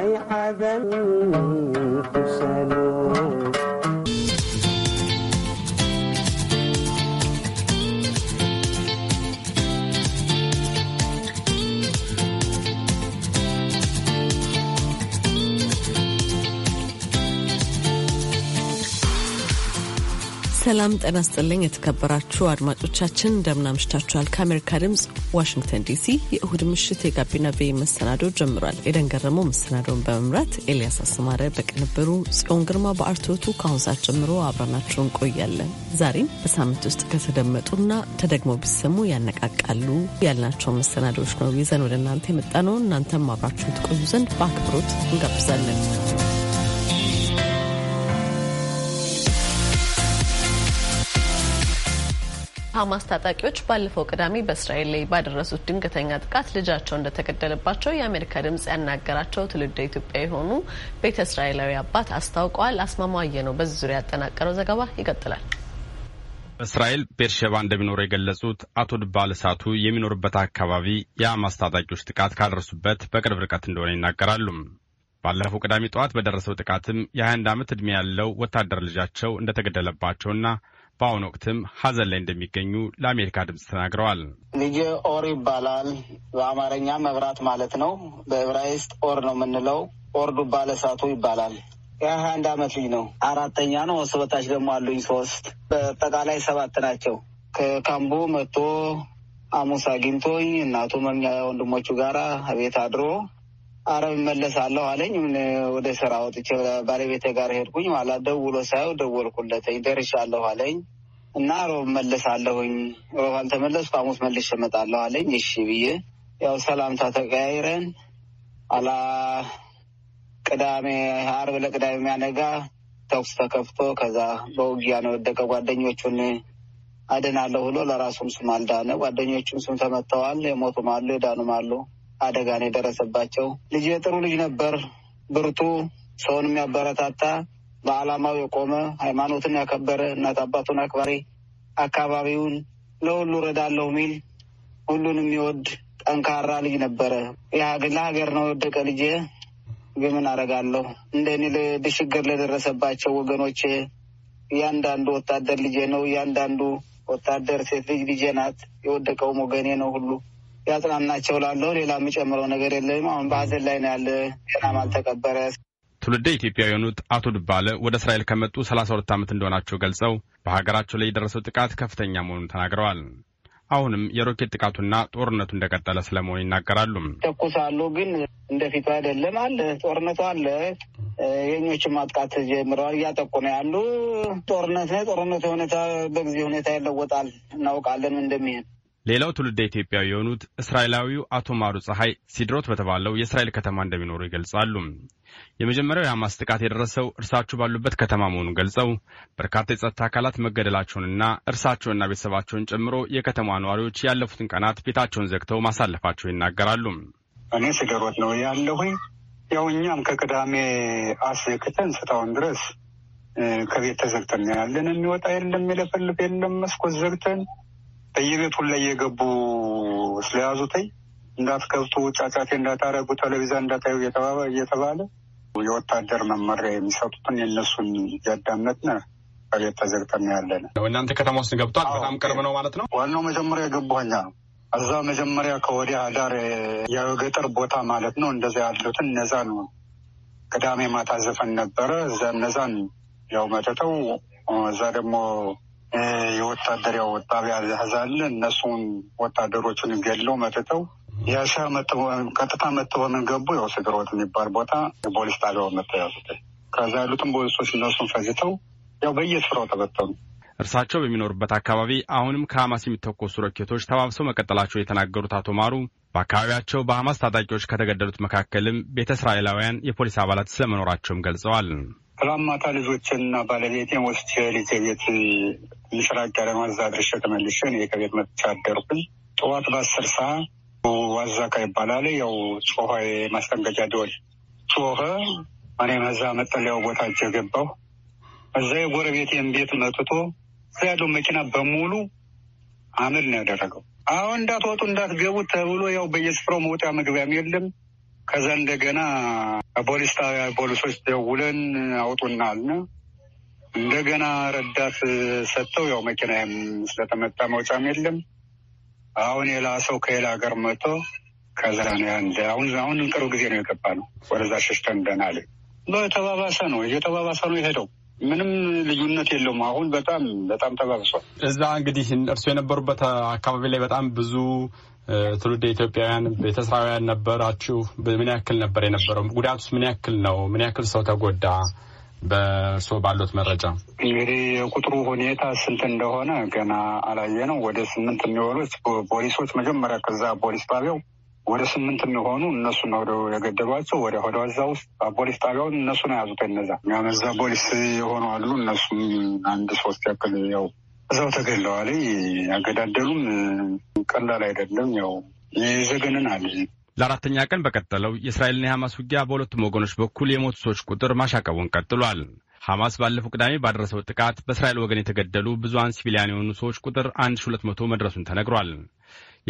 صيحة ذنب تسلم ሰላም ጤና ይስጥልኝ። የተከበራችሁ አድማጮቻችን እንደምናምሽታችኋል። ከአሜሪካ ድምፅ ዋሽንግተን ዲሲ የእሁድ ምሽት የጋቢና ቤ መሰናዶ ጀምሯል። ኤደን ገረመው መሰናዶውን በመምራት ኤልያስ አስማረ በቅንብሩ፣ ጽዮን ግርማ በአርቶቱ ከአሁን ሰዓት ጀምሮ አብረናችሁ እንቆያለን። ዛሬም በሳምንት ውስጥ ከተደመጡና ተደግሞ ቢሰሙ ያነቃቃሉ ያልናቸው መሰናዶዎች ነው ይዘን ወደ እናንተ የመጣ ነው። እናንተም አብራችሁን ትቆዩ ዘንድ በአክብሮት እንጋብዛለን። ሐማስ ታጣቂዎች ባለፈው ቅዳሜ በእስራኤል ላይ ባደረሱት ድንገተኛ ጥቃት ልጃቸው እንደተገደለባቸው የአሜሪካ ድምጽ ያናገራቸው ትውልደ ኢትዮጵያ የሆኑ ቤተ እስራኤላዊ አባት አስታውቀዋል። አስማማየ ነው በዚህ ዙሪያ ያጠናቀረው ዘገባ ይቀጥላል። በእስራኤል ቤርሸባ እንደሚኖሩ የገለጹት አቶ ድባል እሳቱ የሚኖሩበት አካባቢ የሐማስ ታጣቂዎች ጥቃት ካደረሱበት በቅርብ ርቀት እንደሆነ ይናገራሉ። ባለፈው ቅዳሜ ጠዋት በደረሰው ጥቃትም የ21 ዓመት ዕድሜ ያለው ወታደር ልጃቸው እንደተገደለባቸውና በአሁኑ ወቅትም ሀዘን ላይ እንደሚገኙ ለአሜሪካ ድምፅ ተናግረዋል። ልጅ ኦር ይባላል። በአማርኛ መብራት ማለት ነው። በዕብራይስጥ ኦር ነው የምንለው። ኦር ዱባ ለሳቱ ይባላል። የሀያ አንድ አመት ልጅ ነው። አራተኛ ነው። በታች ደግሞ አሉኝ ሶስት፣ በአጠቃላይ ሰባት ናቸው። ከካምቦ መጥቶ ሐሙስ አግኝቶኝ እናቱ መምኛ ወንድሞቹ ጋራ ቤት አድሮ አረብ መለሳለሁ አለኝ። ምን ወደ ስራ ወጥቼ ባለቤቴ ጋር ሄድኩኝ። ኋላ ደውሎ ሳየው ደወልኩለተኝ ደርሻለሁ አለኝ እና ሮብ መለሳለሁኝ። ሮብ አልተመለስኩ ሐሙስ መልሼ እመጣለሁ አለኝ። እሺ ብዬ ያው ሰላምታ ተቀያይረን አላ ቅዳሜ አርብ ለቅዳሜ የሚያነጋ ተኩስ ተከፍቶ ከዛ በውጊያ ነው ወደቀ። ጓደኞቹን አድናለሁ ብሎ ለራሱም ስም አልዳነ። ጓደኞቹም ስም ተመትተዋል። የሞቱም አሉ፣ የዳኑም አሉ። አደጋ ነው የደረሰባቸው። ልጅ የጥሩ ልጅ ነበር፣ ብርቱ፣ ሰውን የሚያበረታታ በዓላማው የቆመ ሃይማኖትን ያከበረ እናት አባቱን አክባሪ፣ አካባቢውን ለሁሉ ረዳለሁ የሚል ሁሉን የሚወድ ጠንካራ ልጅ ነበረ። ለሀገር ነው የወደቀ ልጅ ግን ምን አደርጋለሁ እንደ እኔ ለችግር ለደረሰባቸው ወገኖቼ እያንዳንዱ ወታደር ልጄ ነው። እያንዳንዱ ወታደር ሴት ልጅ ልጄ ናት። የወደቀውም ወገኔ ነው ሁሉ ያጽናናቸው ላለው ሌላ የሚጨምረው ነገር የለም። አሁን በሀዘን ላይ ነው ያለ። ገናም አልተቀበረ። ትውልደ ኢትዮጵያ የሆኑት አቶ ድባለ ወደ እስራኤል ከመጡ ሰላሳ ሁለት ዓመት እንደሆናቸው ገልጸው በሀገራቸው ላይ የደረሰው ጥቃት ከፍተኛ መሆኑን ተናግረዋል። አሁንም የሮኬት ጥቃቱና ጦርነቱ እንደቀጠለ ስለመሆኑ ይናገራሉ። ተኩሳሉ፣ ግን እንደፊቱ አይደለም አለ። ጦርነቱ አለ። የኞች ማጥቃት ጀምረዋል። እያጠቁ ነው ያሉ። ጦርነት ጦርነቱ ሁኔታ በጊዜ ሁኔታ ይለወጣል። እናውቃለን እንደሚሄድ ሌላው ትውልደ ኢትዮጵያዊ የሆኑት እስራኤላዊው አቶ ማሩ ፀሐይ ሲድሮት በተባለው የእስራኤል ከተማ እንደሚኖሩ ይገልጻሉ። የመጀመሪያው የሐማስ ጥቃት የደረሰው እርሳቸው ባሉበት ከተማ መሆኑን ገልጸው በርካታ የጸጥታ አካላት መገደላቸውንና እርሳቸውና ቤተሰባቸውን ጨምሮ የከተማ ነዋሪዎች ያለፉትን ቀናት ቤታቸውን ዘግተው ማሳለፋቸው ይናገራሉ። እኔ ሲድሮት ነው ያለሁኝ። ያው እኛም ከቅዳሜ አስክተን ስታውን ድረስ ከቤት ተዘግተን ያለን፣ የሚወጣ የለም፣ የለፈልፍ የለም፣ መስኮት ዘግተን በየቤቱ ላይ የገቡ ስለያዙተኝ እንዳትከፍቱ፣ ጫጫቴ እንዳታረጉ፣ ቴሌቪዥን እንዳታዩ እየተባለ የወታደር መመሪያ የሚሰጡትን የእነሱን እያዳመጥን ከቤት ተዘግተን ያለን። እናንተ ከተማ ውስጥ ገብቷል። በጣም ቅርብ ነው ማለት ነው። ዋናው መጀመሪያ የገቡኛ ነው። እዛ መጀመሪያ ከወዲያ ዳር የገጠር ቦታ ማለት ነው። እንደዚያ ያሉትን እነዛ ነው ቅዳሜ ማታ ዘፈን ነበረ። እዛ እነዛን ያው መተተው እዛ ደግሞ የወታደር ያው ጣቢያ ያዛለ እነሱን ወታደሮቹን ገድለው መጥተው የእርሻ ቀጥታ መጥተው በምን ገቡ? ያው ስግሮት የሚባል ቦታ የፖሊስ ጣቢያ መጥተው ያዙት። ከዛ ያሉትም ፖሊሶች እነሱን ፈዝተው ያው በየስፍራው ተበተኑ። እርሳቸው በሚኖሩበት አካባቢ አሁንም ከሐማስ የሚተኮሱ ሮኬቶች ተባብሰው መቀጠላቸው የተናገሩት አቶ ማሩ በአካባቢያቸው በሐማስ ታጣቂዎች ከተገደሉት መካከልም ቤተ እስራኤላውያን የፖሊስ አባላት ስለመኖራቸውም ገልጸዋል። ትናንት ማታ ልጆችንና ባለቤቴን ወስጄ ልጄ ቤት ምስራቅ ያለማዛ ድርሸ ተመልሼ እኔ ከቤት መጥቼ አደርኩኝ። ጠዋት በአስር ሰዓት ዋዛካ ይባላል ያው ጮኸ፣ ማስጠንቀቂያ ደወል ጮኸ። እኔም እዛ መጠለያው ቦታ እጀ ገባሁ። እዛ የጎረቤቴን ቤት መጥቶ እዛ ያለው መኪና በሙሉ አመድ ነው ያደረገው። አሁን እንዳትወጡ እንዳትገቡ ተብሎ ያው በየስፍራው መውጫ መግቢያም የለም ከዛ እንደገና ፖሊስ ጣቢያ ፖሊሶች ደውለን አውጡናል። እንደገና ረዳት ሰጥተው ያው መኪናም ስለተመጣ መውጫም የለም። አሁን የላ ሰው ከሌላ ሀገር መጥቶ ከዛ አሁን አሁን ቅርብ ጊዜ ነው የገባ ነው። ወደዛ ሸሽተን ደናል። ተባባሰ ነው እየተባባሰ ነው የሄደው። ምንም ልዩነት የለውም። አሁን በጣም በጣም ተባብሷል። እዛ እንግዲህ እርሱ የነበሩበት አካባቢ ላይ በጣም ብዙ ትውልድ ኢትዮጵያውያን ቤተሰባውያን ነበራችሁ? ምን ያክል ነበር የነበረው? ጉዳቱስ ምን ያክል ነው? ምን ያክል ሰው ተጎዳ? በእርስዎ ባሉት መረጃ እንግዲህ የቁጥሩ ሁኔታ ስንት እንደሆነ ገና አላየ ነው። ወደ ስምንት የሚሆኑት ፖሊሶች መጀመሪያ ከዛ ፖሊስ ጣቢያው ወደ ስምንት የሚሆኑ እነሱ ነው ወደ የገደሏቸው። ወደ ወደ እዛ ውስጥ ፖሊስ ጣቢያውን እነሱ ነው የያዙት። እነዛ ያመዛ ፖሊስ የሆኑ አሉ። እነሱም አንድ ሶስት ያክል ያው እዛው ተገለዋል። አገዳደሉም ቀላል አይደለም። ያው ይዘገንናል። ለአራተኛ ቀን በቀጠለው የእስራኤልና የሐማስ ውጊያ በሁለቱም ወገኖች በኩል የሞቱ ሰዎች ቁጥር ማሻቀቡን ቀጥሏል። ሐማስ ባለፈው ቅዳሜ ባደረሰው ጥቃት በእስራኤል ወገን የተገደሉ ብዙሀን ሲቪሊያን የሆኑ ሰዎች ቁጥር 1200 መድረሱን ተነግሯል።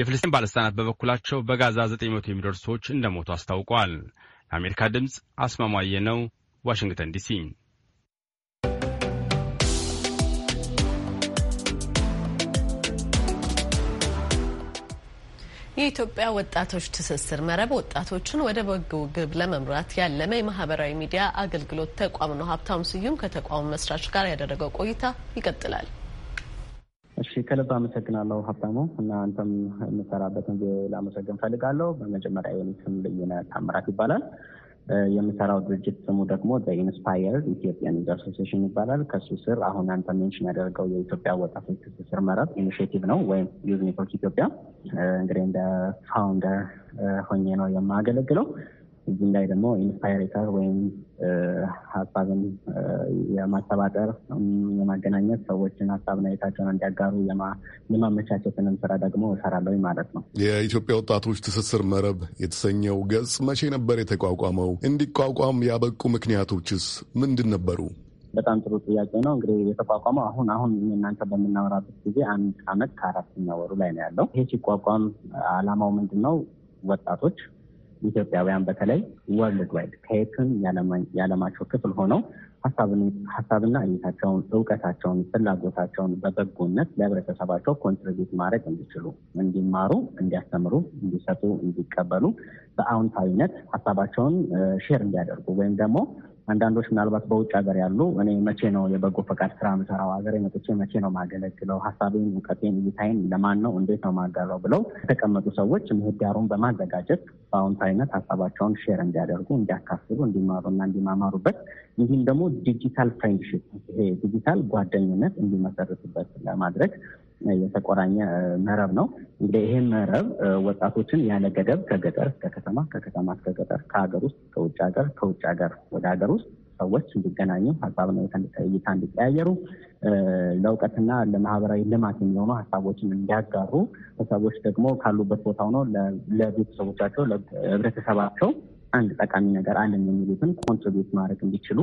የፍልስጤን ባለሥልጣናት በበኩላቸው በጋዛ 900 የሚደርሱ ሰዎች እንደሞቱ አስታውቋል። ለአሜሪካ ድምፅ አስማማየ ነው፣ ዋሽንግተን ዲሲ የኢትዮጵያ ወጣቶች ትስስር መረብ ወጣቶችን ወደ በጎ ግብ ለመምራት ያለመ የማህበራዊ ሚዲያ አገልግሎት ተቋም ነው። ሀብታም ስዩም ከተቋሙ መስራች ጋር ያደረገው ቆይታ ይቀጥላል። እሺ ከልብ አመሰግናለሁ ሀብታሙ እና አንተም የምሰራበትን ላመሰግን ፈልጋለሁ። በመጀመሪያ የኔ ስም በየነ ታምራት ይባላል። የምሰራው ድርጅት ስሙ ደግሞ በኢንስፓየርድ ኢትዮጵያን አሶሲሽን ይባላል። ከሱ ስር አሁን አንተ ሜንሽን ያደርገው የኢትዮጵያ ወጣቶች ትስስር መረብ ኢኒሽቲቭ ነው ወይም ዩዝ ኔትወርክ ኢትዮጵያ። እንግዲህ እንደ ፋውንደር ሆኜ ነው የማገለግለው። እዚህም ላይ ደግሞ ኢንስፓይሬተር ወይም ሀሳብን የማሰባጠር የማገናኘት ሰዎችን ሀሳብና እይታቸውን እንዲያጋሩ የማመቻቸትንም ስራ ደግሞ እሰራለሁ ማለት ነው። የኢትዮጵያ ወጣቶች ትስስር መረብ የተሰኘው ገጽ መቼ ነበር የተቋቋመው? እንዲቋቋም ያበቁ ምክንያቶችስ ምንድን ነበሩ? በጣም ጥሩ ጥያቄ ነው። እንግዲህ የተቋቋመው አሁን አሁን እናንተ በምናወራበት ጊዜ አንድ አመት ከአራተኛ ወሩ ላይ ነው ያለው። ይሄ ሲቋቋም አላማው ምንድን ነው? ወጣቶች ኢትዮጵያውያን በተለይ ወርልድ ዋይድ ከየትም የዓለማቸው ክፍል ሆነው ሀሳብና እይታቸውን፣ እውቀታቸውን፣ ፍላጎታቸውን በበጎነት ለህብረተሰባቸው ኮንትሪቢዩት ማድረግ እንዲችሉ፣ እንዲማሩ፣ እንዲያስተምሩ፣ እንዲሰጡ፣ እንዲቀበሉ በአዎንታዊነት ሀሳባቸውን ሼር እንዲያደርጉ ወይም ደግሞ አንዳንዶች ምናልባት በውጭ ሀገር ያሉ እኔ መቼ ነው የበጎ ፈቃድ ስራ ምሰራው ሀገር መጥቼ መቼ ነው ማገለግለው ሀሳቤን፣ እውቀቴን፣ እይታይን ለማን ነው እንዴት ነው ማጋራው ብለው የተቀመጡ ሰዎች ምህዳሩን በማዘጋጀት በአዎንታዊነት ሀሳባቸውን ሼር እንዲያደርጉ፣ እንዲያካፍሉ፣ እንዲማሩና እንዲማማሩበት ይህም ደግሞ ዲጂታል ፍሬንድሽፕ ይሄ ዲጂታል ጓደኝነት እንዲመሰርቱበት ለማድረግ የተቆራኘ መረብ ነው። እንግዲህ ይህ መረብ ወጣቶችን ያለ ገደብ ከገጠር እስከ ከተማ፣ ከከተማ እስከ ገጠር፣ ከሀገር ውስጥ ከውጭ ሀገር፣ ከውጭ ሀገር ወደ ሀገር ውስጥ ሰዎች እንዲገናኙ ሀሳብና እይታ እንዲቀያየሩ ለእውቀትና ለማህበራዊ ልማት የሚሆኑ ሀሳቦችን እንዲያጋሩ ሰዎች ደግሞ ካሉበት ቦታ ሆነው ለቤተሰቦቻቸው፣ ለህብረተሰባቸው አንድ ጠቃሚ ነገር አለን የሚሉትን ኮንትሪቢዩት ማድረግ እንዲችሉ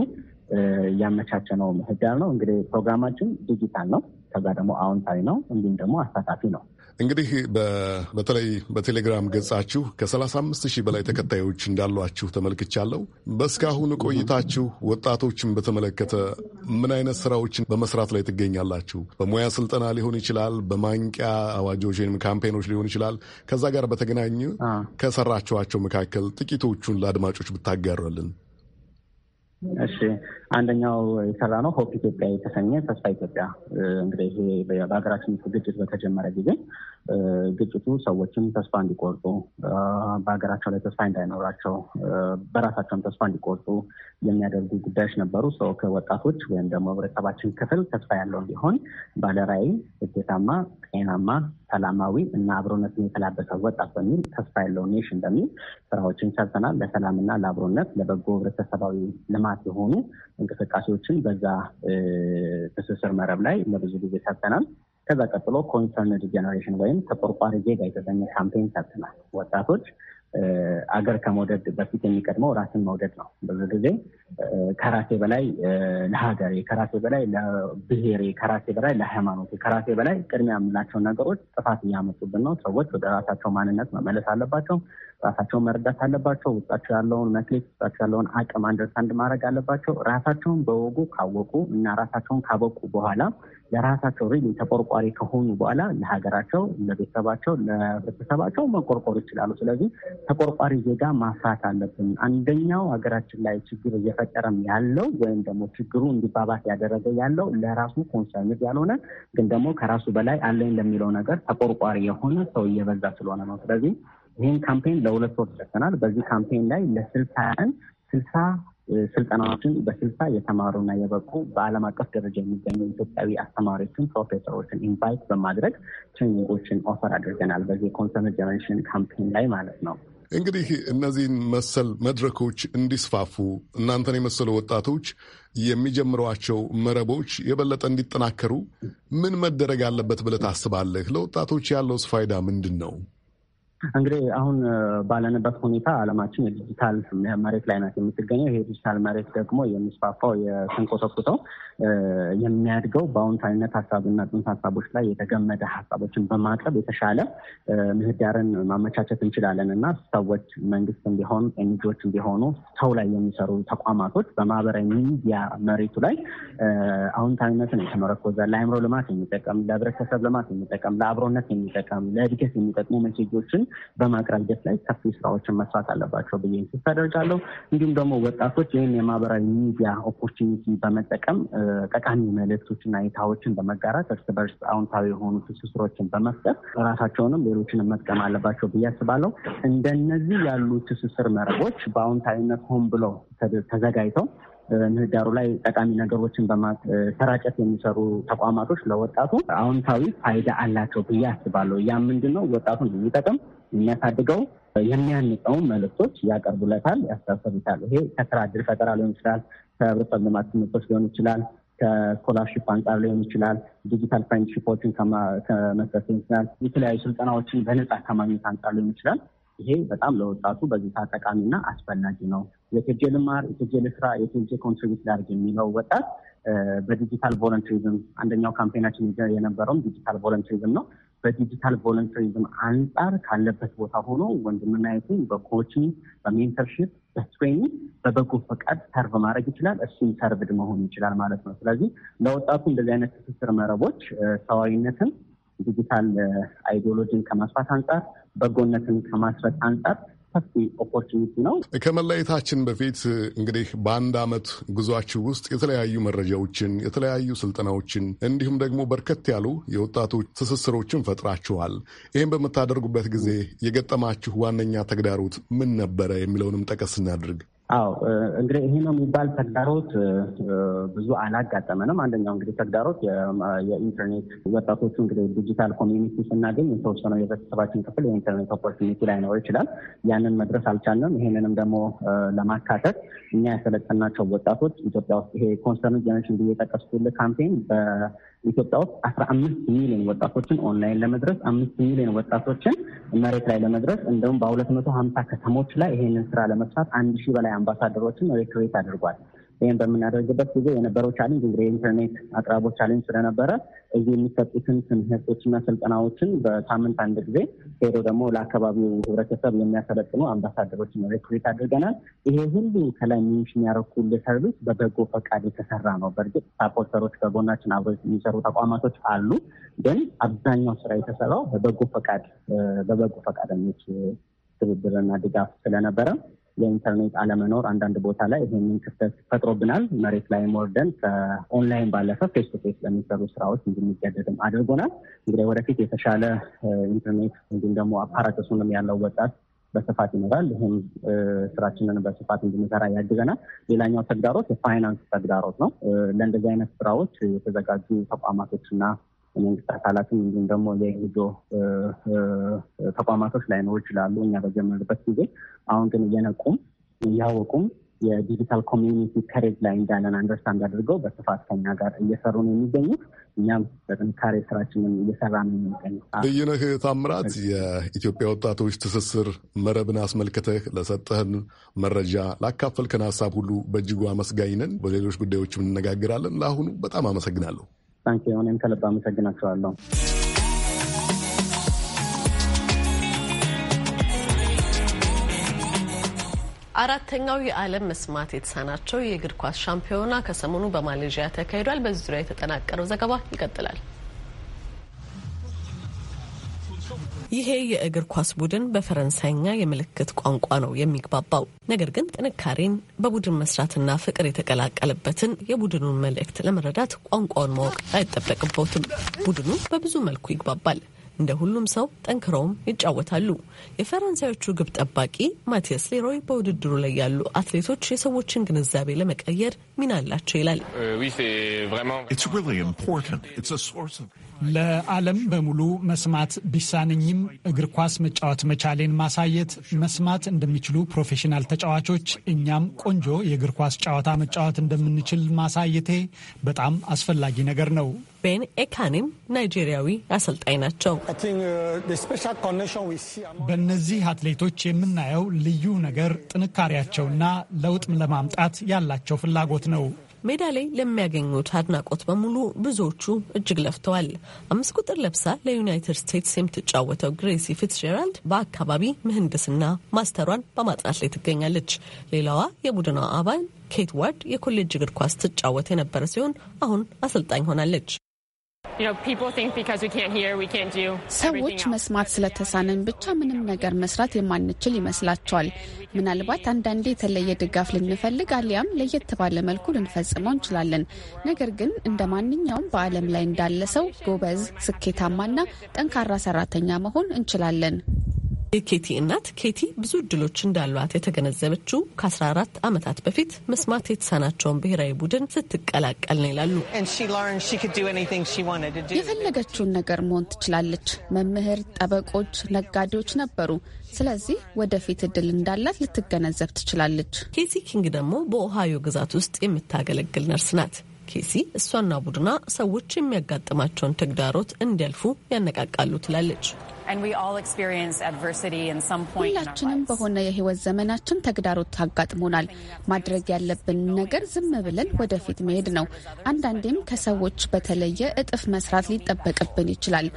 ነው ምህዳር ነው። እንግዲህ ፕሮግራማችን ዲጂታል ነው። ከዛ ደግሞ አዎንታዊ ነው፣ እንዲሁም ደግሞ አሳታፊ ነው። እንግዲህ በተለይ በቴሌግራም ገጻችሁ ከ35 ሺህ በላይ ተከታዮች እንዳሏችሁ ተመልክቻለሁ። በእስካሁኑ ቆይታችሁ ወጣቶችን በተመለከተ ምን አይነት ስራዎችን በመስራት ላይ ትገኛላችሁ? በሙያ ስልጠና ሊሆን ይችላል፣ በማንቂያ አዋጆች ወይም ካምፔኖች ሊሆን ይችላል። ከዛ ጋር በተገናኘ ከሰራችኋቸው መካከል ጥቂቶቹን ለአድማጮች ብታጋረልን። እሺ አንደኛው የሰራ ነው ሆፕ ኢትዮጵያ የተሰኘ ተስፋ ኢትዮጵያ እንግዲህ ይሄ በሀገራችን ግጭት በተጀመረ ጊዜ ግጭቱ ሰዎችም ተስፋ እንዲቆርጡ በሀገራቸው ላይ ተስፋ እንዳይኖራቸው በራሳቸውም ተስፋ እንዲቆርጡ የሚያደርጉ ጉዳዮች ነበሩ። ሰው ከወጣቶች ወይም ደግሞ ህብረተሰባችን ክፍል ተስፋ ያለው እንዲሆን ባለራዕይ ውጤታማ ጤናማ፣ ሰላማዊ እና አብሮነትን የተላበሰ ወጣት በሚል ተስፋ ያለው ኔሽን በሚል ስራዎችን ሰርተናል። ለሰላምና ለአብሮነት ለበጎ ህብረተሰባዊ ልማት የሆኑ እንቅስቃሴዎችን በዛ ትስስር መረብ ላይ ለብዙ ጊዜ ሰርተናል። ከዛ ቀጥሎ ኮንሰርንድ ጀኔሬሽን ወይም ተቆርቋሪ ዜጋ የተሰኘ ካምፔን ሰርተናል። ወጣቶች አገር ከመውደድ በፊት የሚቀድመው ራስን መውደድ ነው። ብዙ ጊዜ ከራሴ በላይ ለሀገሬ፣ ከራሴ በላይ ለብሔሬ፣ ከራሴ በላይ ለሃይማኖቴ፣ ከራሴ በላይ ቅድሚያ የምላቸው ነገሮች ጥፋት እያመጡብን ነው። ሰዎች ወደ ራሳቸው ማንነት መመለስ አለባቸው። ራሳቸውን መረዳት አለባቸው። ውስጣቸው ያለውን መክሌት፣ ውስጣቸው ያለውን አቅም አንደርስታንድ ማድረግ አለባቸው። ራሳቸውን በወጉ ካወቁ እና ራሳቸውን ካበቁ በኋላ ለራሳቸው ሬ ተቆርቋሪ ከሆኑ በኋላ ለሀገራቸው፣ ለቤተሰባቸው፣ ለህብረተሰባቸው መቆርቆር ይችላሉ። ስለዚህ ተቆርቋሪ ዜጋ ማፍራት አለብን። አንደኛው ሀገራችን ላይ ችግር እየፈጠረም ያለው ወይም ደግሞ ችግሩ እንዲባባስ ያደረገ ያለው ለራሱ ኮንሰርን ያልሆነ ግን ደግሞ ከራሱ በላይ አለኝ ለሚለው ነገር ተቆርቋሪ የሆነ ሰው እየበዛ ስለሆነ ነው። ስለዚህ ይህን ካምፔን ለሁለት ወር ደርሰናል። በዚህ ካምፔን ላይ ለስልሳ ቀን ስልሳ ስልጠናዎችን በስልሳ የተማሩና የበቁ በዓለም አቀፍ ደረጃ የሚገኙ ኢትዮጵያዊ አስተማሪዎችን፣ ፕሮፌሰሮችን ኢንቫይት በማድረግ ትሬኒንጎችን ኦፈር አድርገናል። በዚህ ኮንሰርን ጀኔሬሽን ካምፔን ላይ ማለት ነው። እንግዲህ እነዚህን መሰል መድረኮች እንዲስፋፉ እናንተን የመሰሉ ወጣቶች የሚጀምሯቸው መረቦች የበለጠ እንዲጠናከሩ ምን መደረግ አለበት ብለህ ታስባለህ? ለወጣቶች ያለውስ ፋይዳ ምንድን ነው? እንግዲህ አሁን ባለንበት ሁኔታ አለማችን የዲጂታል መሬት ላይ ናት የምትገኘው። ይሄ ዲጂታል መሬት ደግሞ የሚስፋፋው የስንኮተኩተው የሚያድገው በአዎንታዊነት ሀሳብና ጽንሰ ሀሳቦች ላይ የተገመደ ሀሳቦችን በማቅረብ የተሻለ ምህዳርን ማመቻቸት እንችላለን እና ሰዎች መንግስትም ቢሆን ኤንጂዎችም ቢሆኑ ሰው ላይ የሚሰሩ ተቋማቶች በማህበራዊ ሚዲያ መሬቱ ላይ አዎንታዊነትን የተመረኮዘ ለአይምሮ ልማት የሚጠቀም ለህብረተሰብ ልማት የሚጠቀም ለአብሮነት የሚጠቀም ለእድገት የሚጠቅሙ መሴጆችን በማቅረብ ሂደት ላይ ሰፊ ስራዎችን መስራት አለባቸው ብዬ እንስሳ አደርጋለሁ። እንዲሁም ደግሞ ወጣቶች ይህን የማህበራዊ ሚዲያ ኦፖርቹኒቲ በመጠቀም ጠቃሚ መልእክቶችና እይታዎችን በመጋራት እርስ በርስ አውንታዊ የሆኑ ትስስሮችን በመፍጠር ራሳቸውንም ሌሎችንም መጥቀም አለባቸው ብዬ አስባለሁ። እንደነዚህ ያሉ ትስስር መረቦች በአውንታዊነት ሆን ብለው ተዘጋጅተው ምህዳሩ ላይ ጠቃሚ ነገሮችን በማሰራጨት የሚሰሩ ተቋማቶች ለወጣቱ አውንታዊ ፋይዳ አላቸው ብዬ አስባለሁ። ያ ምንድን ነው? ወጣቱን የሚጠቅም የሚያሳድገው የሚያንቀውን መልእክቶች ያቀርቡለታል፣ ያሳሰቡታል። ይሄ ከስራ እድል ፈጠራ ሊሆን ይችላል፣ ከህብረተሰብ ልማት ትምህርቶች ሊሆን ይችላል፣ ከስኮላርሽፕ አንጻር ሊሆን ይችላል። ዲጂታል ፍሬንድሽፖችን ከመስጠት ሊሆን ይችላል። የተለያዩ ስልጠናዎችን በነጻ ከማግኘት አንጻር ሊሆን ይችላል። ይሄ በጣም ለወጣቱ በዚህ ሰዓት ጠቃሚና አስፈላጊ ነው። የቴጄ ልማር፣ የቴጄ ልስራ፣ የቴጄ ኮንትሪቢት ላድርግ የሚለው ወጣት በዲጂታል ቮለንትሪዝም አንደኛው ካምፔናችን የነበረውም ዲጂታል ቮለንትሪዝም ነው። በዲጂታል ቮለንተሪዝም አንጻር ካለበት ቦታ ሆኖ ወንድምና እህቱን በኮችንግ በሜንተርሽፕ በትሬኒንግ በበጎ ፈቃድ ሰርቭ ማድረግ ይችላል። እሱም ሰርቭድ መሆን ይችላል ማለት ነው። ስለዚህ ለወጣቱ እንደዚህ አይነት ትስስር መረቦች ሰዋዊነትን ዲጂታል አይዲዮሎጂን ከማስፋት አንጻር በጎነትን ከማስረት አንጻር ሰፊ ኦፖርቹኒቲ ነው። ከመለየታችን በፊት እንግዲህ በአንድ አመት ጉዟችሁ ውስጥ የተለያዩ መረጃዎችን፣ የተለያዩ ስልጠናዎችን እንዲሁም ደግሞ በርከት ያሉ የወጣቶች ትስስሮችን ፈጥራችኋል። ይህም በምታደርጉበት ጊዜ የገጠማችሁ ዋነኛ ተግዳሮት ምን ነበረ የሚለውንም ጠቀስ እናድርግ። አዎ እንግዲህ ይሄ ነው የሚባል ተግዳሮት ብዙ አላጋጠመንም። አንደኛው እንግዲህ ተግዳሮት የኢንተርኔት ወጣቶቹ እንግዲህ ዲጂታል ኮሚኒቲ ስናገኝ የተወሰነው የቤተሰባችን ክፍል የኢንተርኔት ኦፖርቹኒቲ ላይኖር ይችላል። ያንን መድረስ አልቻልንም። ይሄንንም ደግሞ ለማካተት እኛ ያሰለጠናቸው ወጣቶች ኢትዮጵያ ውስጥ ይሄ ኮንሰርን ጀነሬሽን ብዬ የጠቀስኩት ካምፔን ኢትዮጵያ ውስጥ አስራ አምስት ሚሊዮን ወጣቶችን ኦንላይን ለመድረስ አምስት ሚሊዮን ወጣቶችን መሬት ላይ ለመድረስ እንደውም በሁለት መቶ ሀምሳ ከተሞች ላይ ይሄንን ስራ ለመስራት አንድ ሺህ በላይ አምባሳደሮችን ሬክሬት አድርጓል። ይህም በምናደርግበት ጊዜ የነበረው ቻሌንጅ እንግዲህ የኢንተርኔት አቅራቦት ቻሌንጅ ስለነበረ እዚህ የሚሰጡትን ትምህርቶችና ስልጠናዎችን በሳምንት አንድ ጊዜ ሄዶ ደግሞ ለአካባቢው ህብረተሰብ የሚያሰለጥኑ አምባሳደሮችን ሬክሪት አድርገናል። ይሄ ሁሉ ከላይ ሚኒሽ የሚያረኩል ሰርቪስ በበጎ ፈቃድ የተሰራ ነው። በእርግጥ ሳፖርተሮች ከጎናችን አብሮ የሚሰሩ ተቋማቶች አሉ። ግን አብዛኛው ስራ የተሰራው በበጎ ፈቃድ በበጎ ፈቃደኞች ትብብርና ድጋፍ ስለነበረ የኢንተርኔት አለመኖር አንዳንድ ቦታ ላይ ይህንን ክፍተት ፈጥሮብናል። መሬት ላይ ወርደን ከኦንላይን ባለፈ ፌስ ቱ ፌስ ለሚሰሩ ስራዎች እንድንገደድም አድርጎናል። እንግዲህ ወደፊት የተሻለ ኢንተርኔት እንዲሁም ደግሞ አፓራተሱንም ያለው ወጣት በስፋት ይኖራል። ይህም ስራችንን በስፋት እንድንሰራ ያግዘናል። ሌላኛው ተግዳሮት የፋይናንስ ተግዳሮት ነው። ለእንደዚህ አይነት ስራዎች የተዘጋጁ ተቋማቶችና የመንግስት አካላትም እንዲሁም ደግሞ የኤንጂኦ ተቋማቶች ላይኖሩ ይችላሉ እኛ በጀመርበት ጊዜ። አሁን ግን እየነቁም እያወቁም የዲጂታል ኮሚኒቲ ከሬጅ ላይ እንዳለን አንደርስታንድ አድርገው በስፋት ከኛ ጋር እየሰሩ ነው የሚገኙት። እኛም በጥንካሬ ስራችንን እየሰራ ነው የሚገኙ። በየነህ ታምራት፣ የኢትዮጵያ ወጣቶች ትስስር መረብን አስመልክተህ ለሰጠህን መረጃ፣ ላካፈልከን ሀሳብ ሁሉ በእጅጉ አመስጋኝ ነን። በሌሎች ጉዳዮችም እንነጋግራለን። ለአሁኑ በጣም አመሰግናለሁ። ታንኪ የሆነም ከልብ አመሰግናቸዋለሁ። አራተኛው የዓለም መስማት የተሳናቸው የእግር ኳስ ሻምፒዮና ከሰሞኑ በማሌዥያ ተካሂዷል። በዚህ ዙሪያ የተጠናቀረው ዘገባ ይቀጥላል። ይሄ የእግር ኳስ ቡድን በፈረንሳይኛ የምልክት ቋንቋ ነው የሚግባባው። ነገር ግን ጥንካሬን፣ በቡድን መስራትና ፍቅር የተቀላቀለበትን የቡድኑን መልእክት ለመረዳት ቋንቋውን ማወቅ አይጠበቅበትም። ቡድኑ በብዙ መልኩ ይግባባል። እንደ ሁሉም ሰው ጠንክረውም ይጫወታሉ። የፈረንሳዮቹ ግብ ጠባቂ ማቲያስ ሌሮይ በውድድሩ ላይ ያሉ አትሌቶች የሰዎችን ግንዛቤ ለመቀየር ሚና አላቸው ይላል። euh, ለዓለም በሙሉ መስማት ቢሳነኝም እግር ኳስ መጫወት መቻሌን ማሳየት መስማት እንደሚችሉ ፕሮፌሽናል ተጫዋቾች እኛም ቆንጆ የእግር ኳስ ጨዋታ መጫወት እንደምንችል ማሳየቴ በጣም አስፈላጊ ነገር ነው። ቤን ኤካኒም ናይጄሪያዊ አሰልጣኝ ናቸው። በእነዚህ አትሌቶች የምናየው ልዩ ነገር ጥንካሬያቸውና ለውጥ ለማምጣት ያላቸው ፍላጎት ነው። ሜዳ ላይ ለሚያገኙት አድናቆት በሙሉ ብዙዎቹ እጅግ ለፍተዋል። አምስት ቁጥር ለብሳ ለዩናይትድ ስቴትስ የምትጫወተው ግሬሲ ፊትስጀራልድ በአካባቢ ምህንድስና ማስተሯን በማጥናት ላይ ትገኛለች። ሌላዋ የቡድኗ አባል ኬት ዋርድ የኮሌጅ እግር ኳስ ትጫወት የነበረ ሲሆን አሁን አሰልጣኝ ሆናለች። ሰዎች መስማት ስለተሳነን ብቻ ምንም ነገር መስራት የማንችል ይመስላቸዋል። ምናልባት አንዳንዴ የተለየ ድጋፍ ልንፈልግ አሊያም ለየት ባለ መልኩ ልንፈጽመው እንችላለን። ነገር ግን እንደ ማንኛውም በዓለም ላይ እንዳለ ሰው ጎበዝ፣ ስኬታማና ጠንካራ ሰራተኛ መሆን እንችላለን። የኬቲ እናት ኬቲ ብዙ እድሎች እንዳሏት የተገነዘበችው ከ14 ዓመታት በፊት መስማት የተሳናቸውን ብሔራዊ ቡድን ስትቀላቀል ነው ይላሉ። የፈለገችውን ነገር መሆን ትችላለች። መምህር፣ ጠበቆች፣ ነጋዴዎች ነበሩ። ስለዚህ ወደፊት እድል እንዳላት ልትገነዘብ ትችላለች። ኬቲ ኪንግ ደግሞ በኦሃዮ ግዛት ውስጥ የምታገለግል ነርስ ናት። ኬሲ እሷና ቡድኗ ሰዎች የሚያጋጥማቸውን ተግዳሮት እንዲያልፉ ያነቃቃሉ ትላለች። ሁላችንም በሆነ የህይወት ዘመናችን ተግዳሮት አጋጥሞናል። ማድረግ ያለብን ነገር ዝም ብለን ወደፊት መሄድ ነው። አንዳንዴም ከሰዎች በተለየ እጥፍ መስራት ሊጠበቅብን ይችላል።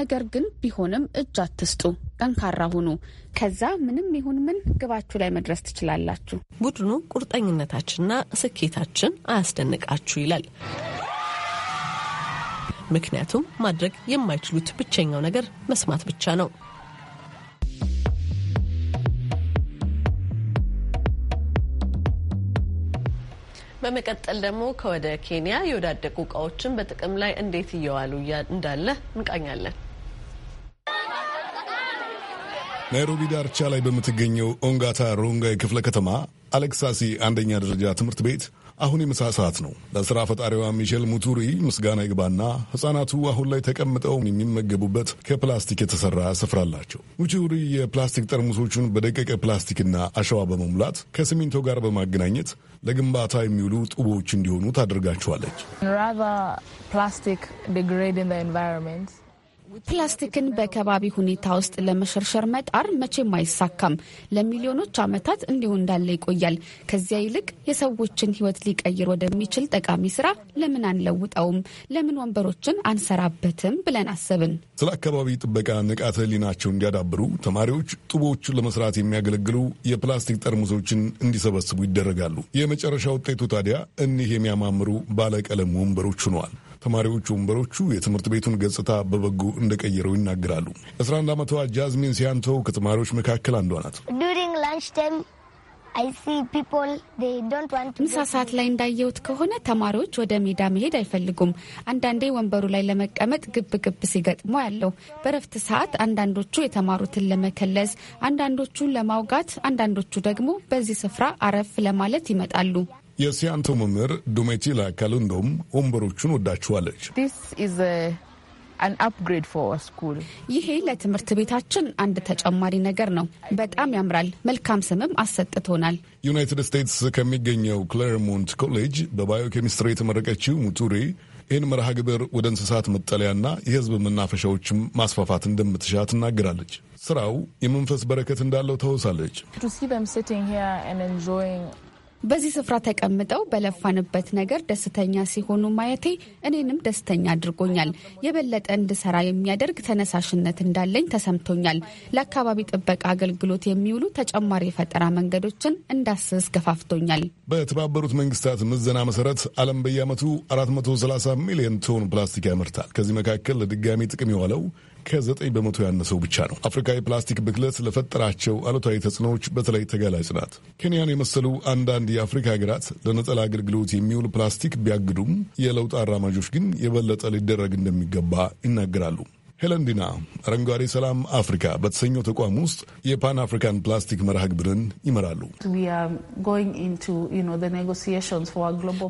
ነገር ግን ቢሆንም እጅ አትስጡ፣ ጠንካራ ሁኑ። ከዛ ምንም ይሁን ምን ግባችሁ ላይ መድረስ ትችላላችሁ። ቡድኑ ቁርጠኝነታችንና ስኬታችን አያስደንቃችሁ ይላል። ምክንያቱም ማድረግ የማይችሉት ብቸኛው ነገር መስማት ብቻ ነው። በመቀጠል ደግሞ ከወደ ኬንያ የወዳደቁ እቃዎችን በጥቅም ላይ እንዴት እየዋሉ እንዳለ እንቃኛለን። ናይሮቢ ዳርቻ ላይ በምትገኘው ኦንጋታ ሮንጋይ ክፍለ ከተማ አሌክሳሲ አንደኛ ደረጃ ትምህርት ቤት አሁን የምሳ ሰዓት ነው። ለስራ ፈጣሪዋ ሚሼል ሙቱሪ ምስጋና ይግባና ሕፃናቱ አሁን ላይ ተቀምጠው የሚመገቡበት ከፕላስቲክ የተሰራ ስፍራ አላቸው። ሙቱሪ የፕላስቲክ ጠርሙሶቹን በደቀቀ ፕላስቲክና አሸዋ በመሙላት ከሲሚንቶ ጋር በማገናኘት ለግንባታ የሚውሉ ጡቦች እንዲሆኑ ታደርጋቸዋለች። ፕላስቲክን በከባቢ ሁኔታ ውስጥ ለመሸርሸር መጣር መቼም አይሳካም። ለሚሊዮኖች ዓመታት እንዲሁ እንዳለ ይቆያል። ከዚያ ይልቅ የሰዎችን ሕይወት ሊቀይር ወደሚችል ጠቃሚ ስራ ለምን አንለውጠውም? ለምን ወንበሮችን አንሰራበትም ብለን አሰብን። ስለ አካባቢ ጥበቃ ንቃተ ሕሊናቸው እንዲያዳብሩ ተማሪዎች ጡቦችን ለመስራት የሚያገለግሉ የፕላስቲክ ጠርሙሶችን እንዲሰበስቡ ይደረጋሉ። የመጨረሻ ውጤቱ ታዲያ እኒህ የሚያማምሩ ባለቀለም ወንበሮች ሆነዋል። ተማሪዎቹ ወንበሮቹ የትምህርት ቤቱን ገጽታ በበጎ እንደቀየረው ይናገራሉ። 11 ዓመቷ ጃዝሚን ሲያንቶ ከተማሪዎች መካከል አንዷ ናት። ምሳ ሰዓት ላይ እንዳየሁት ከሆነ ተማሪዎች ወደ ሜዳ መሄድ አይፈልጉም። አንዳንዴ ወንበሩ ላይ ለመቀመጥ ግብ ግብ ሲገጥሞ ያለው በረፍት ሰዓት አንዳንዶቹ የተማሩትን ለመከለስ፣ አንዳንዶቹ ለማውጋት፣ አንዳንዶቹ ደግሞ በዚህ ስፍራ አረፍ ለማለት ይመጣሉ። የሲያንቶ መምህር ዱሜቲላ ካሉንዶም ወንበሮቹን ወዳችኋለች። ይሄ ለትምህርት ቤታችን አንድ ተጨማሪ ነገር ነው። በጣም ያምራል። መልካም ስምም አሰጥቶናል። ዩናይትድ ስቴትስ ከሚገኘው ክሌርሞንት ኮሌጅ በባዮኬሚስትሪ የተመረቀችው ሙቱሬ ይህን መርሃ ግብር ወደ እንስሳት መጠለያና የሕዝብ መናፈሻዎችም ማስፋፋት እንደምትሻ ትናገራለች። ስራው የመንፈስ በረከት እንዳለው ታወሳለች። በዚህ ስፍራ ተቀምጠው በለፋንበት ነገር ደስተኛ ሲሆኑ ማየቴ እኔንም ደስተኛ አድርጎኛል። የበለጠ እንድሰራ የሚያደርግ ተነሳሽነት እንዳለኝ ተሰምቶኛል። ለአካባቢ ጥበቃ አገልግሎት የሚውሉ ተጨማሪ የፈጠራ መንገዶችን እንዳስስ ገፋፍቶኛል። በተባበሩት መንግስታት ምዘና መሰረት ዓለም በየአመቱ 430 ሚሊዮን ቶን ፕላስቲክ ያመርታል። ከዚህ መካከል ለድጋሚ ጥቅም የዋለው ከዘጠኝ በመቶ ያነሰው ብቻ ነው። አፍሪካ የፕላስቲክ ብክለት ለፈጠራቸው አሉታዊ ተጽዕኖዎች በተለይ ተጋላጭ ናት። ኬንያን የመሰሉ አንዳንድ የአፍሪካ ሀገራት ለነጠላ አገልግሎት የሚውል ፕላስቲክ ቢያግዱም የለውጥ አራማጆች ግን የበለጠ ሊደረግ እንደሚገባ ይናገራሉ። ሄለን ዲና አረንጓዴ ሰላም አፍሪካ በተሰኘው ተቋም ውስጥ የፓን አፍሪካን ፕላስቲክ መርሃ ግብርን ይመራሉ።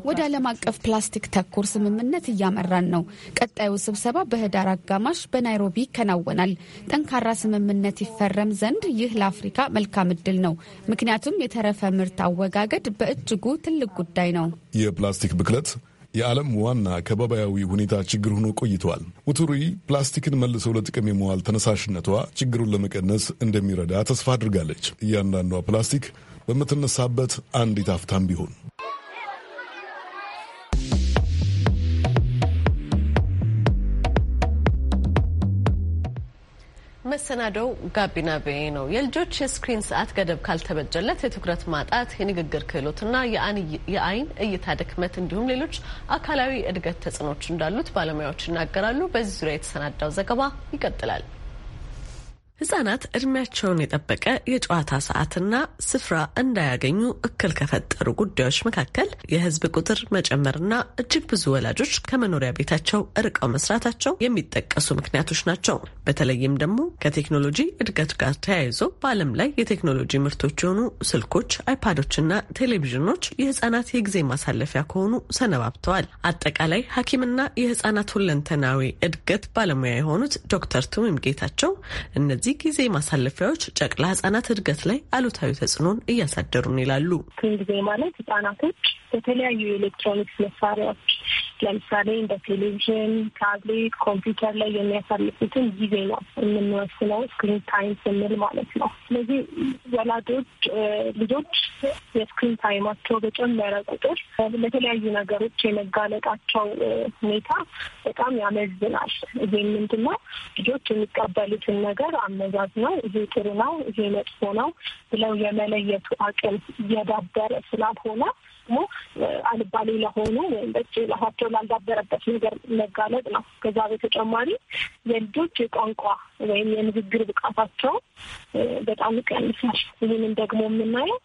ወደ ዓለም አቀፍ ፕላስቲክ ተኮር ስምምነት እያመራን ነው። ቀጣዩ ስብሰባ በህዳር አጋማሽ በናይሮቢ ይከናወናል። ጠንካራ ስምምነት ይፈረም ዘንድ ይህ ለአፍሪካ መልካም እድል ነው። ምክንያቱም የተረፈ ምርት አወጋገድ በእጅጉ ትልቅ ጉዳይ ነው። የፕላስቲክ ብክለት የዓለም ዋና ከባቢያዊ ሁኔታ ችግር ሆኖ ቆይተዋል። ውቱሪ ፕላስቲክን መልሰው ለጥቅም የመዋል ተነሳሽነቷ ችግሩን ለመቀነስ እንደሚረዳ ተስፋ አድርጋለች። እያንዳንዷ ፕላስቲክ በምትነሳበት አንዲት አፍታም ቢሆን መሰናደው ጋቢና ቤ ነው። የልጆች የስክሪን ሰዓት ገደብ ካልተበጀለት የትኩረት ማጣት፣ የንግግር ክህሎትና የአይን እይታ ድክመት እንዲሁም ሌሎች አካላዊ እድገት ተጽዕኖዎች እንዳሉት ባለሙያዎች ይናገራሉ። በዚህ ዙሪያ የተሰናዳው ዘገባ ይቀጥላል። ህጻናት እድሜያቸውን የጠበቀ የጨዋታ ሰዓትና ስፍራ እንዳያገኙ እክል ከፈጠሩ ጉዳዮች መካከል የህዝብ ቁጥር መጨመርና እጅግ ብዙ ወላጆች ከመኖሪያ ቤታቸው እርቀው መስራታቸው የሚጠቀሱ ምክንያቶች ናቸው። በተለይም ደግሞ ከቴክኖሎጂ እድገት ጋር ተያይዞ በዓለም ላይ የቴክኖሎጂ ምርቶች የሆኑ ስልኮች፣ አይፓዶችና ቴሌቪዥኖች የህጻናት የጊዜ ማሳለፊያ ከሆኑ ሰነባብተዋል። አጠቃላይ ሐኪምና የህጻናት ሁለንተናዊ እድገት ባለሙያ የሆኑት ዶክተር ቱሚም ጌታቸው እነዚህ ጊዜ ማሳለፊያዎች ጨቅላ ህጻናት እድገት ላይ አሉታዊ ተጽዕኖን እያሳደሩን ይላሉ። ጊዜ ማለት ህጻናቶች የተለያዩ የኤሌክትሮኒክስ መሳሪያዎች ለምሳሌ እንደ ቴሌቪዥን፣ ታብሌት፣ ኮምፒውተር ላይ የሚያሳልፉትን ጊዜ ነው የምንወስነው ስክሪን ታይም ስንል ማለት ነው። ስለዚህ ወላጆች ልጆች የስክሪን ታይማቸው በጨመረ ቁጥር ለተለያዩ ነገሮች የመጋለጣቸው ሁኔታ በጣም ያመዝናል። ይሄ ምንድነው ልጆች የሚቀበሉትን ነገር አመዛዝ ነው፣ ይሄ ጥሩ ነው፣ ይሄ መጥፎ ነው ብለው የመለየቱ አቅም እየዳበረ ስላልሆነ ደግሞ አልባሌ ለሆኑ ወይም በጭላቸው ላልዳበረበት ነገር መጋለጥ ነው። ከዛ በተጨማሪ የልጆች የቋንቋ ወይም የንግግር ብቃታቸው በጣም ይቀንሳል። ይህንን ደግሞ የምናየው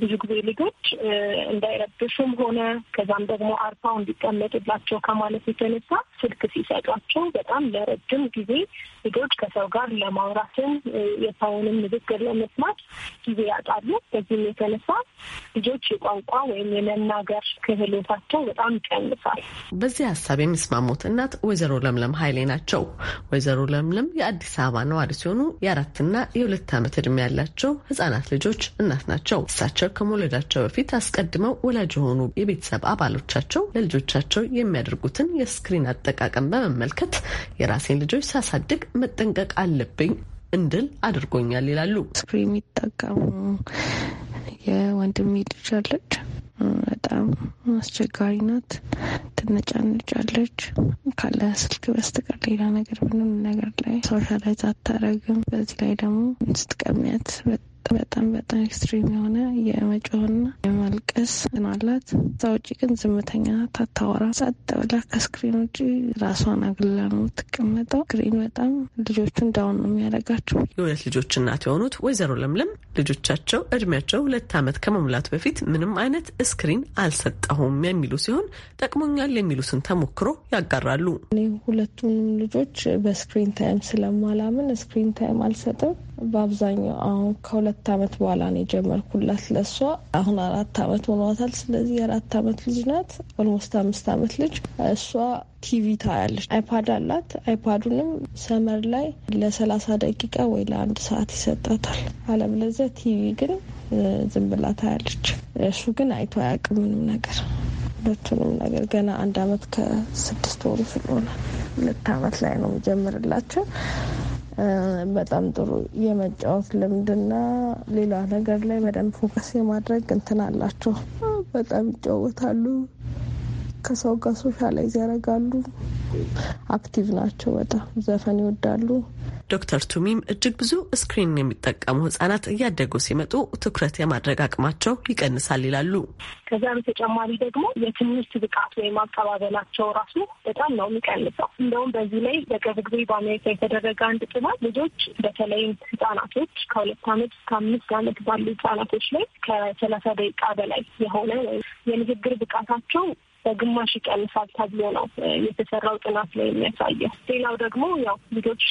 ብዙ ጊዜ ልጆች እንዳይረብሹም ሆነ ከዛም ደግሞ አርፋው እንዲቀመጡላቸው ከማለት የተነሳ ስልክ ሲሰጧቸው በጣም ለረጅም ጊዜ ልጆች ከሰው ጋር ለማውራትም የሰውንም ንግግር ለመስማት ጊዜ ያጣሉ። በዚህም የተነሳ ልጆች የቋንቋ ወይም የመናገር ክህሎታቸው በጣም ይቀንሳል። በዚህ ሀሳብ የሚስማሙት እናት ወይዘሮ ለምለም ሀይሌ ናቸው። ወይዘሮ ለምለም የአዲስ አበባ ነዋሪ ሲሆኑ የአራትና የሁለት ዓመት እድሜ ያላቸው ህጻናት ልጆች እናት ናቸው። እሳቸው ከመውለዳቸው በፊት አስቀድመው ወላጅ የሆኑ የቤተሰብ አባሎቻቸው ለልጆቻቸው የሚያደርጉትን የስክሪን አጠቃቀም በመመልከት የራሴን ልጆች ሳሳድግ መጠንቀቅ አለብኝ እንድል አድርጎኛል ይላሉ። ስክሪን የሚጠቀሙ የወንድሜ ልጅ አለች። በጣም አስቸጋሪ ናት። ትነጫነጫለች። ካለ ስልክ በስተቀር ሌላ ነገር ምንም ነገር ላይ ሶሻላይዝ አታረግም። በዚህ ላይ ደግሞ ስትቀሚያት በጣም በጣም ኤክስትሪም የሆነ የመጮህና የማልቀስ ናላት። እዛ ውጭ ግን ዝምተኛ ናት፣ አታወራ። ጸጥ ብላ ከስክሪን ውጭ ራሷን አግላ ነው የምትቀመጠው። ስክሪን በጣም ልጆቹ እንዳሁን ነው የሚያደርጋቸው። የሁለት ልጆች እናት የሆኑት ወይዘሮ ለምለም ልጆቻቸው እድሜያቸው ሁለት አመት ከመሙላቱ በፊት ምንም አይነት ስክሪን አልሰጠሁም የሚሉ ሲሆን ጠቅሞኛል የሚሉትን ተሞክሮ ያጋራሉ። እኔ ሁለቱንም ልጆች በስክሪን ታይም ስለማላምን ስክሪን ታይም አልሰጥም። በአብዛኛው አሁን ከሁለ ከሁለት አመት በኋላ ነው የጀመርኩላት ለሷ። አሁን አራት አመት ሆኗታል። ስለዚህ የአራት አመት ልጅ ናት። ኦልሞስት አምስት አመት ልጅ እሷ ቲቪ ታያለች። አይፓድ አላት። አይፓዱንም ሰመር ላይ ለሰላሳ ደቂቃ ወይ ለአንድ ሰዓት ይሰጣታል። አለበለዚያ ቲቪ ግን ዝም ብላ ታያለች። እሱ ግን አይቶ አያውቅም ምንም ነገር ሁለቱንም ነገር ገና አንድ አመት ከስድስት ወሩ ስለሆነ ሁለት አመት ላይ ነው የሚጀምርላቸው። በጣም ጥሩ የመጫወት ልምድና ሌላ ነገር ላይ በደንብ ፎከስ የማድረግ እንትን አላቸው። በጣም ይጫወታሉ፣ ከሰው ጋር ሶሻላይዝ ያደርጋሉ፣ አክቲቭ ናቸው። በጣም ዘፈን ይወዳሉ። ዶክተር ቱሚም እጅግ ብዙ ስክሪን የሚጠቀሙ ህጻናት እያደጉ ሲመጡ ትኩረት የማድረግ አቅማቸው ይቀንሳል ይላሉ። ከዚያ በተጨማሪ ደግሞ የትምህርት ብቃት ወይም አቀባበላቸው ራሱ በጣም ነው የሚቀንሰው። እንደውም በዚህ ላይ በቅርብ ጊዜ በአሜሪካ የተደረገ አንድ ጥናት ልጆች በተለይም ህጻናቶች ከሁለት አመት እስከ አምስት አመት ባሉ ህጻናቶች ላይ ከሰላሳ ደቂቃ በላይ የሆነ ወይም የንግግር ብቃታቸው በግማሽ ይቀንሳል ተብሎ ነው የተሰራው ጥናት ላይ የሚያሳየው። ሌላው ደግሞ ያው ልጆች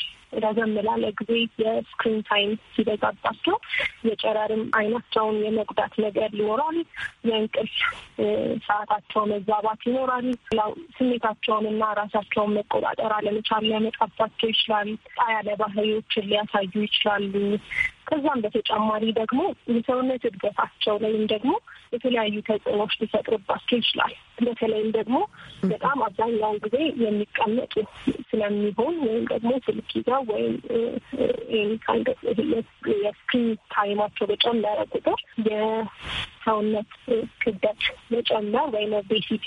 ረዘም ላለ ጊዜ የስክሪን ታይም ሲበዛባቸው የጨረርም አይናቸውን የመጉዳት ነገር ይኖራል። የእንቅልፍ ሰዓታቸው መዛባት ይኖራል። ሌላው ስሜታቸውን እና ራሳቸውን መቆጣጠር አለመቻል ሊያመጣባቸው ይችላል። ጣያለ ባህሪዎችን ሊያሳዩ ይችላሉ። ከዛም በተጨማሪ ደግሞ የሰውነት እድገታቸው ላይም ደግሞ የተለያዩ ተጽዕኖዎች ሊፈጥርባቸው ይችላል። በተለይም ደግሞ በጣም አብዛኛውን ጊዜ የሚቀመጡ ስለሚሆን ወይም ደግሞ ስልክ ይዘው ወይም የስክሪን ታይማቸው በጨመረ ቁጥር የሰውነት ክብደት መጨመር ወይም ኦቤሲቲ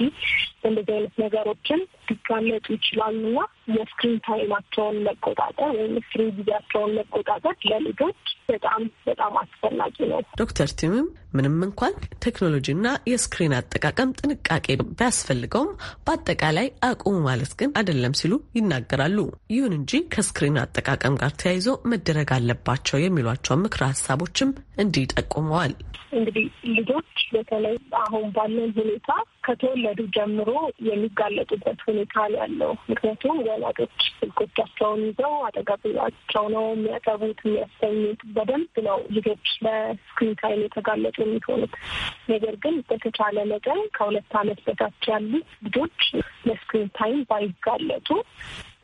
እንደዚህ አይነት ነገሮችን ሊጋለጡ ይችላሉ እና የስክሪን ታይማቸውን መቆጣጠር ወይም ስክሪን ጊዜያቸውን መቆጣጠር ለልጆች በጣም በጣም አስፈላጊ ነው። ዶክተር ቲምም ምንም እንኳን ቴክኖሎጂና የስክሪን አጠቃቀም ጥንቃቄ ቢያስፈልገውም በአጠቃላይ አቁሙ ማለት ግን አይደለም ሲሉ ይናገራሉ። ይሁን እንጂ ከስክሪን አጠቃቀም ጋር ተያይዞ መደረግ አለባቸው የሚሏቸው ምክረ ሀሳቦችም እንዲህ ጠቁመዋል። እንግዲህ ልጆች በተለይ አሁን ባለን ሁኔታ ከተወለዱ ጀምሮ የሚጋለጡበት ሁኔታ ነው ያለው። ምክንያቱም ወላጆች ስልኮቻቸውን ይዘው አጠገባቸው ነው የሚያጠቡት፣ የሚያሰኙት። በደንብ ነው ልጆች ለስክሪን ታይም የተጋለጡ የሚሆኑት። ነገር ግን በተቻለ መጠን ከሁለት ዓመት በታች ያሉት ልጆች ለስክሪን ታይም ባይጋለጡ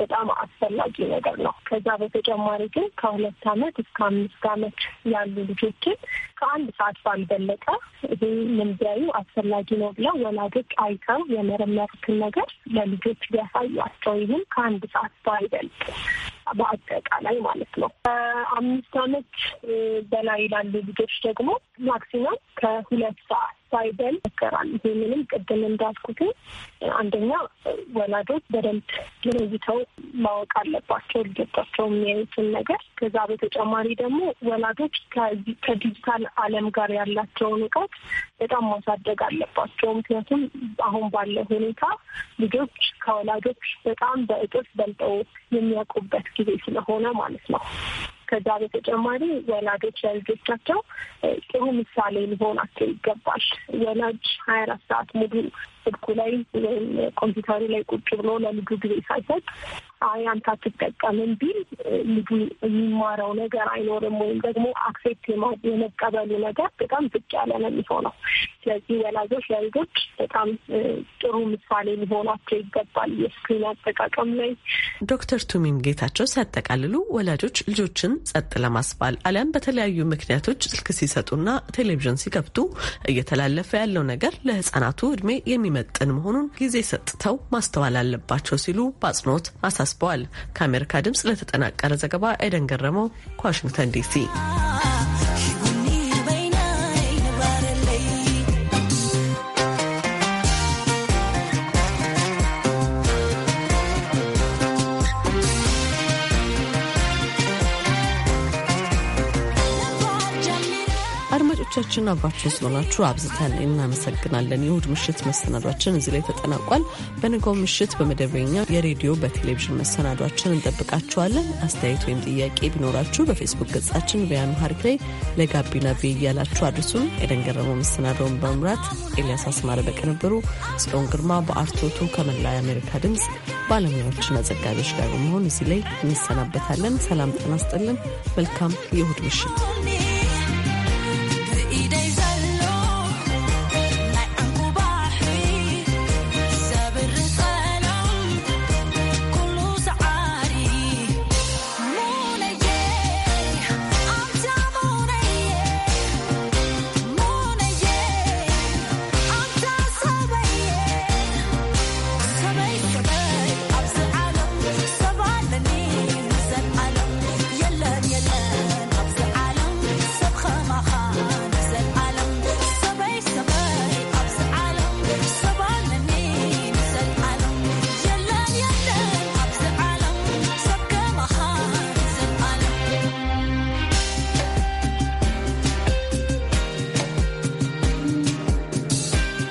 በጣም አስፈላጊ ነገር ነው። ከዛ በተጨማሪ ግን ከሁለት አመት እስከ አምስት አመት ያሉ ልጆችን ከአንድ ሰዓት ባልበለጠ ይሄ ምንቢያዩ አስፈላጊ ነው ብለው ወላጆች አይተው የመረመርክን ነገር ለልጆች ቢያሳዩአቸው ይህም ከአንድ ሰዓት ባይበልጥ በአጠቃላይ ማለት ነው። ከአምስት ዓመት በላይ ላሉ ልጆች ደግሞ ማክሲመም ከሁለት ሰዓት ሳይበል ይመከራል። ይሄ ምንም ቅድም እንዳልኩት አንደኛ ወላጆች በደንብ ለይተው ማወቅ አለባቸው ልጆቻቸው የሚያዩትን ነገር። ከዛ በተጨማሪ ደግሞ ወላጆች ከዲጂታል ዓለም ጋር ያላቸውን እውቀት በጣም ማሳደግ አለባቸው። ምክንያቱም አሁን ባለ ሁኔታ ልጆች ከወላጆች በጣም በእጥፍ በልጠው የሚያውቁበት ጊዜ ስለሆነ ማለት ነው። ከዛ በተጨማሪ ወላጆች ለልጆቻቸው ጥሩ ምሳሌ ሊሆናቸው ይገባል። ወላጅ ሀያ አራት ሰዓት ሙሉ ስልኩ ላይ ወይም ኮምፒውተሩ ላይ ቁጭ ብሎ ለልጁ ጊዜ ሳይሰጥ አይ አንተ አትጠቀምም ቢል ልጁ የሚማረው ነገር አይኖርም፣ ወይም ደግሞ አክሴፕት የመቀበሉ ነገር በጣም ዝቅ ያለ ነው የሚሆነው። ስለዚህ ወላጆች ለልጆች በጣም ጥሩ ምሳሌ ሊሆናቸው ይገባል የስክሪን አጠቃቀም ላይ። ዶክተር ቱሚም ጌታቸው ሲያጠቃልሉ ወላጆች ልጆችን ጸጥ ለማስባል አሊያም በተለያዩ ምክንያቶች ስልክ ሲሰጡና ቴሌቪዥን ሲከፍቱ እየተላለፈ ያለው ነገር ለህጻናቱ እድሜ የሚ የሚመጥን መሆኑን ጊዜ ሰጥተው ማስተዋል አለባቸው ሲሉ በአጽንኦት አሳስበዋል። ከአሜሪካ ድምጽ ለተጠናቀረ ዘገባ ኤደን ገረመው ከዋሽንግተን ዲሲ አድማጮቻችን አብራችሁን ስለሆናችሁ አብዝተን እናመሰግናለን። የእሁድ ምሽት መሰናዷችን እዚህ ላይ ተጠናቋል። በንጋው ምሽት በመደበኛ የሬዲዮ በቴሌቪዥን መሰናዷችን እንጠብቃችኋለን። አስተያየት ወይም ጥያቄ ቢኖራችሁ በፌስቡክ ገጻችን ሀሪክ ላይ ለጋቢና ቪ እያላችሁ አድርሱን። ኤደን ገረመው በመምራት ኤልያስ አስማረ በቅንብሩ፣ ጽዮን ግርማ በአርቶቱ ከመላ የአሜሪካ ድምፅ ባለሙያዎችና ዘጋቢዎች ጋር በመሆን እዚህ ላይ እንሰናበታለን። ሰላም ጤና ይስጥልን። መልካም የእሁድ ምሽት